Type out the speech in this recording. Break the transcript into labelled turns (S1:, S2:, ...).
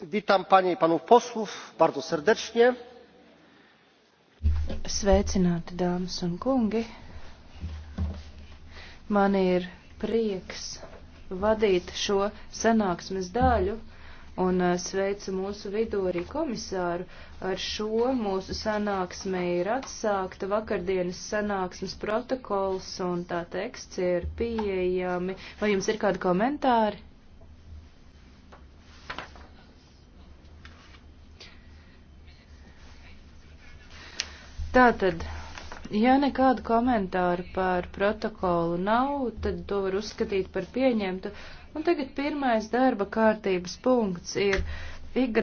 S1: witam panie i panów posłów bardzo serdecznie.
S2: sveicināti dāmas un kungi man ir prieks vadīt šo sanāksmes daļu un eh, sveicu mūsu vidū arī komisāru ar šo mūsu sanāksme ir atsākta vakardienas sanāksmes protokols un tā teksts ir pieejami vai jums ir kādi komentāri? Tātad, ja nekādu komentāru par protokolu nav, tad to var uzskatīt par pieņemtu. Un tagad pirmais darba kārtības punkts ir.